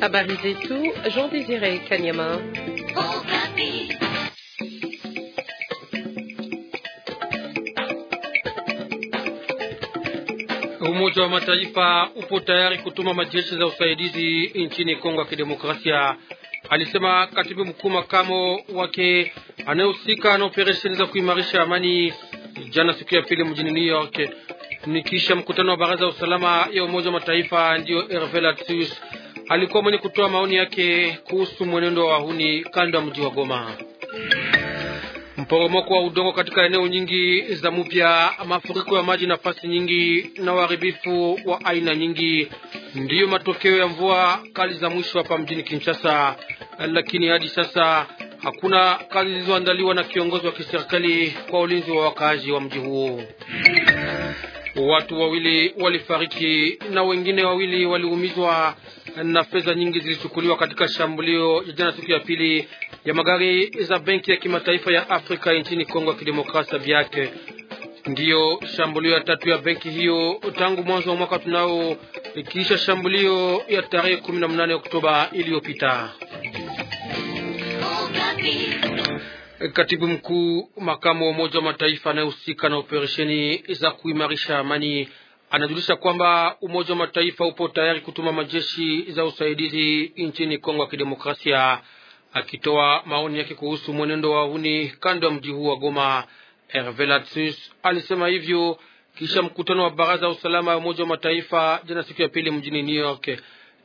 Habari zetu Jean Désiré Kanyama. Umoja wa Mataifa upo tayari kutuma majeshi za usaidizi nchini Kongo ya Kidemokrasia, alisema katibu mkuu makamo wake anayehusika na operesheni za kuimarisha amani jana siku ya pili mjini New York ni kisha mkutano wa baraza ya usalama ya Umoja wa Mataifa, ndiyo Herve Latyus alikuwa mwenye kutoa maoni yake kuhusu mwenendo wa wahuni kando ya mji wa Goma. Mporomoko wa udongo katika eneo nyingi za Mupya, mafuriko ya maji nafasi nyingi na uharibifu wa aina nyingi ndiyo matokeo ya mvua kali za mwisho hapa mjini Kinshasa, lakini hadi sasa hakuna kazi zilizoandaliwa na kiongozi wa kiserikali kwa ulinzi wa wakaaji wa mji huo. Watu wawili walifariki na wengine wawili waliumizwa na fedha nyingi zilichukuliwa katika shambulio ya jana siku ya pili ya magari za benki ya kimataifa ya Afrika nchini Kongo ya Kidemokrasia biake. Ndiyo shambulio ya tatu ya benki hiyo tangu mwanzo wa mwaka tunao, ikiisha shambulio ya tarehe 18 Oktoba iliyopita. Katibu mkuu makamu wa Umoja wa Mataifa anayehusika na operesheni za kuimarisha amani anajulisha kwamba Umoja wa Mataifa upo tayari kutuma majeshi za usaidizi nchini Kongo ya Kidemokrasia, akitoa maoni yake kuhusu mwenendo wa uhuni kando ya mji huu wa Goma. Herve Latsus alisema hivyo kisha mkutano wa Baraza ya Usalama ya Umoja wa Mataifa jana siku ya pili mjini New York.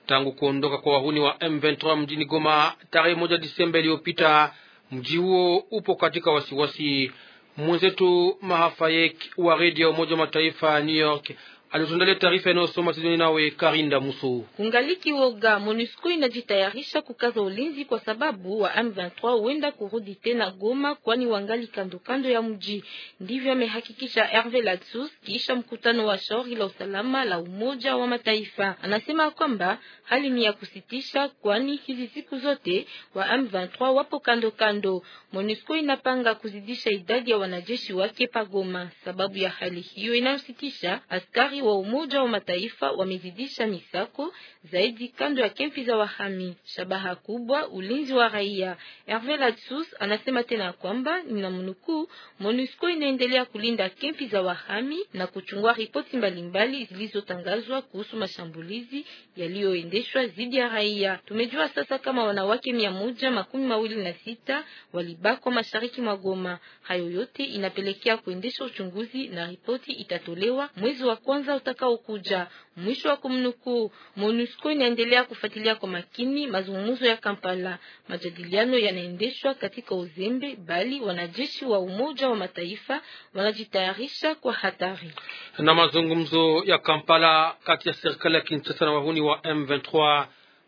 Tangu kuondoka kwa wahuni wa M23 mjini Goma tarehe moja Disemba iliyopita Mji huo upo katika wasiwasi. Mwenzetu Mahafayek wa redio ya Umoja wa Mataifa New York aliotundalia taarifa inayosoma tizoni nawe Karinda Musu. Kungaliki woga MONUSCO inajitayarisha kukaza ulinzi kwa sababu wa M23 huenda kurudi tena Goma, kwani wangali kando kando ya mji. Ndivyo amehakikisha Herve Ladsous kisha mkutano wa shauri la usalama la Umoja wa Mataifa. Anasema kwamba hali ni ya kusitisha, kwani hizi siku zote wa M23 wapo kando kando. MONUSCO inapanga kuzidisha idadi ya wanajeshi wake pa Goma. Sababu ya hali hiyo inayositisha askari wa Umoja wa Mataifa wamezidisha misako zaidi kando ya kempi za wahami. Shabaha kubwa ulinzi wa raia. Hervé Latsous anasema tena kwamba ninamnukuu, MONUSCO inaendelea kulinda kempi za wahami na kuchungua ripoti mbalimbali zilizotangazwa kuhusu mashambulizi yaliyoendeshwa dhidi ya raia. Tumejua sasa kama wanawake mia moja makumi mawili na sita walibakwa mashariki mwa Goma. Hayo yote inapelekea kuendesha uchunguzi na ripoti itatolewa mwezi wa kwanza mwangaza utakaokuja. Mwisho wa kumnukuu. MONUSCO inaendelea kufuatilia kwa makini mazungumzo ya Kampala. Majadiliano yanaendeshwa katika uzembe, bali wanajeshi wa Umoja wa Mataifa wanajitayarisha kwa hatari. Na mazungumzo ya Kampala kati ya serikali ya Kinshasa na wahuni wa M23,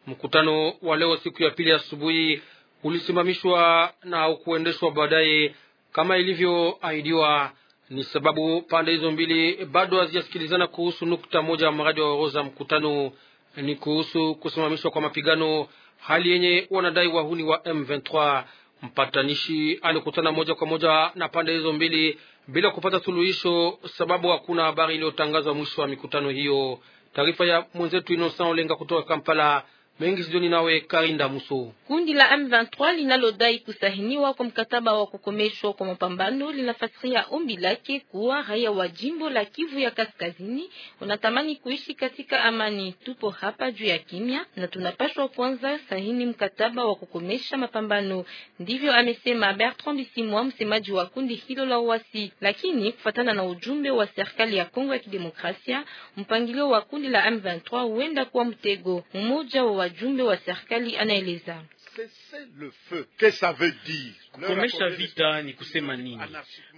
mkutano wa leo siku ya pili asubuhi ulisimamishwa na kuendeshwa baadaye kama ilivyoahidiwa. Ni sababu pande hizo mbili bado hazijasikilizana kuhusu nukta moja ya mradi wa oroza. Mkutano ni kuhusu kusimamishwa kwa mapigano, hali yenye wanadai wahuni wa M23. Mpatanishi alikutana moja kwa moja na pande hizo mbili bila kupata suluhisho, sababu hakuna habari iliyotangazwa mwisho wa mikutano hiyo. Taarifa ya mwenzetu Innocent Olenga kutoka Kampala mengi zidoni nawe Karinda Muso. Kundi la M23 linalodai kusahiniwa kwa mkataba wa kukomeshwa kwa mapambano linafasiria ombi lake kuwa raia wa jimbo la Kivu ya Kaskazini wanatamani kuishi katika amani. Tupo hapa juu ya kimya na tunapaswa kwanza sahini mkataba wa kukomesha mapambano, ndivyo amesema Bertrand Bisimwa, msemaji wa kundi hilo la uasi. Lakini kufatana na ujumbe wa serikali ya Kongo ya Kidemokrasia, mpangilio wa kundi la M23 huenda kuwa mtego mmoja wa wajumbe wa serikali anaeleza. Cessez le feu. Qu'est-ce que ça veut dire? Kukomesha vita ni kusema nini?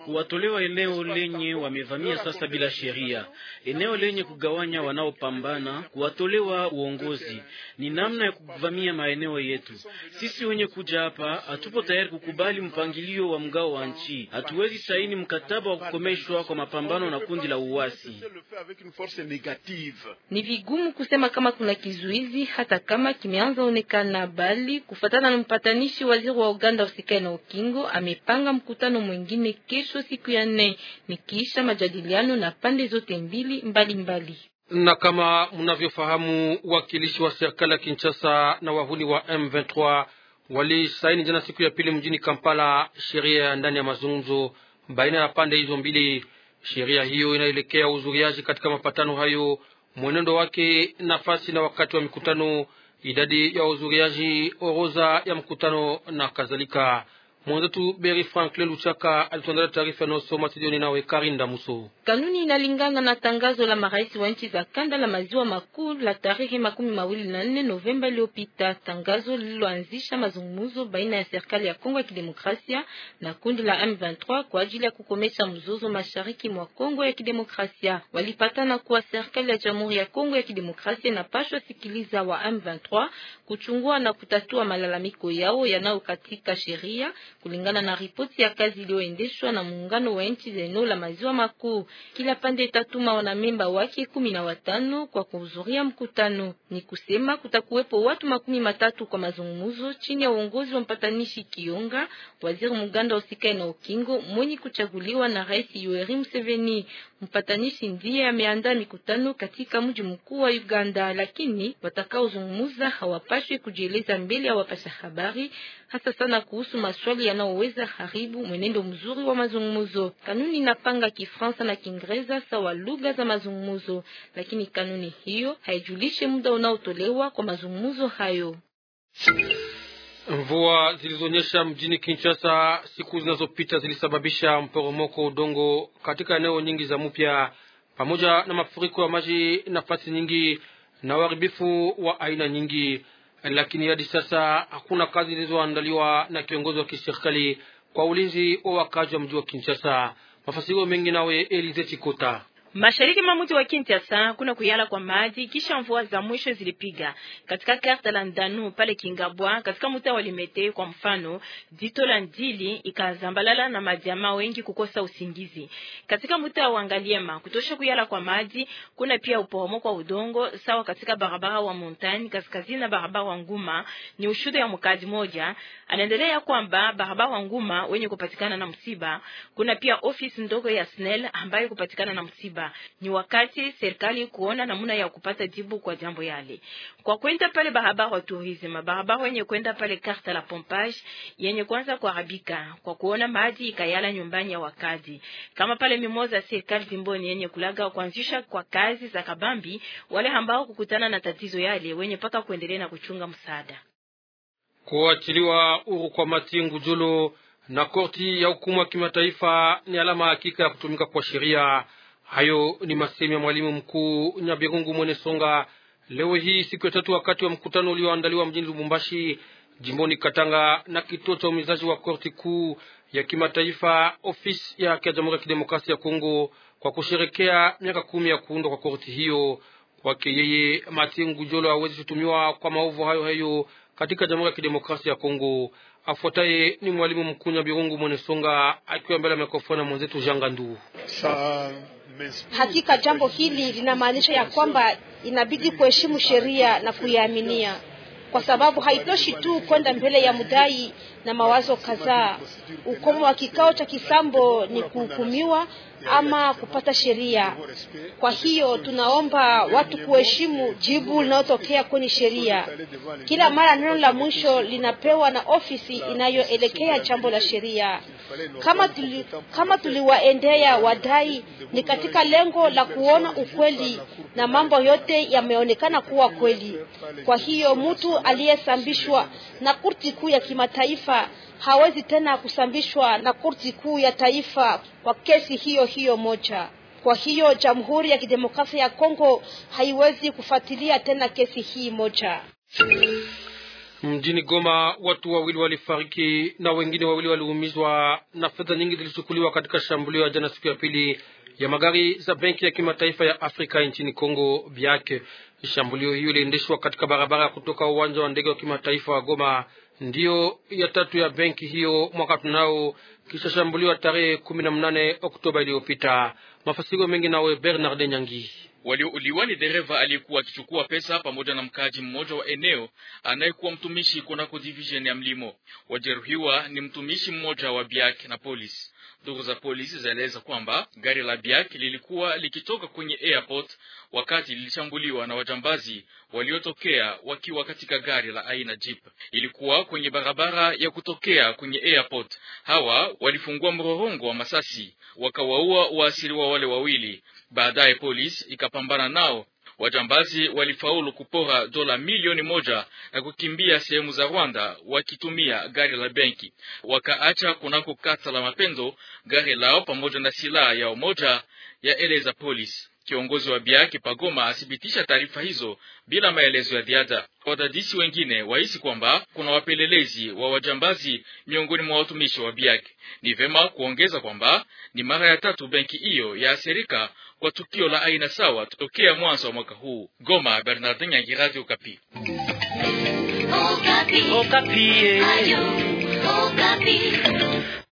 Kuwatolewa eneo lenye wamevamia sasa bila sheria, eneo lenye kugawanya wanaopambana, kuwatolewa uongozi, ni namna ya kuvamia maeneo yetu. Sisi wenye kuja hapa hatupo tayari kukubali mpangilio wa mgao wa nchi. Hatuwezi saini mkataba wa kukomeshwa kwa mapambano na kundi la uasi. Ni vigumu kusema kama kuna kizuizi, hata kama kimeanza onekana, bali kufatana na mpatanishi waziri wa Uganda usikae na Kingo amepanga mkutano mwingine kesho siku ya nne, nikiisha majadiliano na pande zote mbili mbalimbali mbali. Na kama mnavyofahamu, wakilishi wa serikali ya Kinshasa na wahuni wa M23 walisaini jana siku ya pili mjini Kampala sheria ndani ya mazungumzo baina ya pande hizo mbili. Sheria hiyo inaelekea uzuriaji katika mapatano hayo, mwenendo wake, nafasi na wakati wa mikutano, idadi ya uzuriaji, orodha ya mkutano na kadhalika. Mwenzetu Beri Franklin Luchaka alituandalia taarifa inayosoma studioni nawe Karinda Muso. Kanuni inalingana na tangazo la marais wa nchi za kanda la maziwa makuu la tarehe makumi mawili na nne Novemba iliyopita, tangazo lililoanzisha mazungumzo baina ya serikali ya Kongo ya Kidemokrasia na kundi la M23 kwa ajili ya kukomesha mzozo mashariki mwa Kongo ya Kidemokrasia. Walipatana kuwa serikali ya Jamhuri ya Kongo ya Kidemokrasia inapaswa sikiliza wa M23, kuchungua na kutatua malalamiko yao yanayokatika sheria kulingana na ripoti ya kazi iliyoendeshwa na muungano wa nchi za eneo la maziwa makuu. Kila pande itatuma wanamemba wake kumi na watano kwa kuhudhuria mkutano. Ni kusema kutakuwepo watu makumi matatu kwa mazungumzo chini ya uongozi wa mpatanishi Kionga, waziri muganda wa usikae na ukingo mwenye kuchaguliwa na Rais Yoweri Museveni. Mpatanishi ndiye ameandaa mikutano katika mji mkuu wa Uganda, lakini watakaozungumza hawapashwi kujieleza mbele ya wapasha habari, hasa sana kuhusu maswali yanaoweza haribu mwenendo mzuri wa mazungumzo. Kanuni inapanga Kifransa na Kiingereza sawa lugha za mazungumzo, lakini kanuni hiyo haijulishi muda unaotolewa kwa mazungumzo hayo. Mvua zilizonyesha mjini Kinshasa siku zinazopita zilisababisha mporomoko udongo katika eneo nyingi za Mupya pamoja na mafuriko ya maji nafasi nyingi na uharibifu wa aina nyingi lakini hadi sasa hakuna kazi zilizoandaliwa na kiongozi wa kiserikali kwa ulinzi wa wakazi wa mji wa Kinshasa. mafasirio mengi nawe Elize Chikota. Mashariki mwa mji wa Kinshasa kuna kuyala kwa maji kisha mvua za mwisho zilipiga katika karta la Ndanu pale Kingabwa katika mtaa wa Limete. Kwa mfano, jito la Ndili ikazambalala na majamaa wengi kukosa usingizi. Katika mtaa wa Ngaliema kutosha kuyala kwa maji, kuna pia uporomoko wa udongo sawa katika barabara wa Montagne kaskazini na barabara wa Nguma. Ni ushuhuda ya mkazi mmoja anaendelea kwamba barabara wa Nguma wenye kupatikana na msiba. Kuna pia ofisi ndogo ya SNEL ambayo kupatikana na msiba haraka. Ni wakati serikali kuona namna ya kupata jibu kwa jambo yale. Kwa kwenda pale barabara wa tourisme, barabara yenye kwenda pale carte la pompage yenye kwanza kwa harabika kwa kuona maji ikayala nyumbani ya wakazi. Kama pale mimoza serikali zimboni yenye kulaga kuanzisha kwa kazi za kabambi wale ambao kukutana na tatizo yale wenye paka kuendelea na kuchunga msaada. Kuachiliwa huru kwa Mati Ngujulu na korti ya hukumu ya kimataifa ni alama hakika ya kutumika kwa sheria Hayo ni masemi ya mwalimu mkuu Nyabigungu Mwenesonga leo hii siku ya tatu, wakati wa mkutano ulioandaliwa mjini Lubumbashi jimboni Katanga na kituo cha umizaji wa korti kuu ya kimataifa ofisi ya haki ya Jamhuri ya Kidemokrasia ya Kongo kwa kusherekea miaka kumi ya kuundwa kwa korti hiyo. Kwake yeye Matingu Jolo hawezi kutumiwa kwa maovu hayo hayo katika Jamhuri ya Kidemokrasia ya Kongo. Afuataye ni mwalimu mkuu Nyabirungu Mwenesonga akiwa mbele ya mikrofoni mwenzetu Jangandu. Hakika jambo hili linamaanisha ya kwamba inabidi kuheshimu sheria na kuiaminia, kwa sababu haitoshi tu kwenda mbele ya mdai na mawazo kadhaa. Ukomo wa kikao cha kisambo ni kuhukumiwa ama kupata sheria. Kwa hiyo tunaomba watu kuheshimu jibu linalotokea kwenye sheria. Kila mara neno la mwisho linapewa na ofisi inayoelekea jambo la sheria kama tuli, kama tuliwaendea wadai ni katika lengo la kuona ukweli, na mambo yote yameonekana kuwa kweli. Kwa hiyo mtu aliyesambishwa na kurti kuu ya kimataifa hawezi tena kusambishwa na kurti kuu ya taifa kwa kesi hiyo hiyo moja. Kwa hiyo Jamhuri ya Kidemokrasia ya Kongo haiwezi kufuatilia tena kesi hii moja. Mjini Goma watu wawili walifariki na wengine wawili waliumizwa na fedha nyingi zilichukuliwa katika shambulio ya jana siku ya pili ya magari za benki ya kimataifa ya Afrika nchini Kongo Biake. Shambulio hiyo iliendeshwa katika barabara kutoka uwanja wa ndege wa kimataifa wa Goma, ndiyo ya tatu ya benki hiyo mwaka tunao, kisha shambulio tarehe kumi na mnane Oktoba iliyopita. Mafasiro mengi nawe Bernard Nyangi waliouliwa ni dereva aliyekuwa akichukua pesa pamoja na mkaaji mmoja wa eneo anayekuwa mtumishi kunako division ya mlimo. Wajeruhiwa ni mtumishi mmoja wa Biak na polisi. Ndugu za polisi zaeleza kwamba gari la Biak lilikuwa likitoka kwenye airport wakati lilishambuliwa na wajambazi waliotokea wakiwa katika gari la aina jeep. Ilikuwa kwenye barabara ya kutokea kwenye airport. Hawa walifungua mrorongo wa masasi wakawaua waasiriwa wale wawili. Baadaye polisi ikapambana nao. Wajambazi walifaulu kupora dola milioni moja na kukimbia sehemu za Rwanda wakitumia gari la benki. Wakaacha kunako kata la Mapendo gari lao pamoja na silaha yao moja, yaeleza polisi. Kiongozi wa Biaki Pagoma athibitisha taarifa hizo bila maelezo ya ziada. Wadadisi wengine wahisi kwamba kuna wapelelezi wa wajambazi miongoni mwa watumishi wa Biaki. Ni vema kuongeza kwamba ni mara ya tatu benki hiyo yaathirika kwa tukio la aina sawa tokea mwanzo wa mwaka huu. Goma, Bernardin Nyangi, Radio Okapi. Okapi. Okapi. Eh. Ayu, Okapi.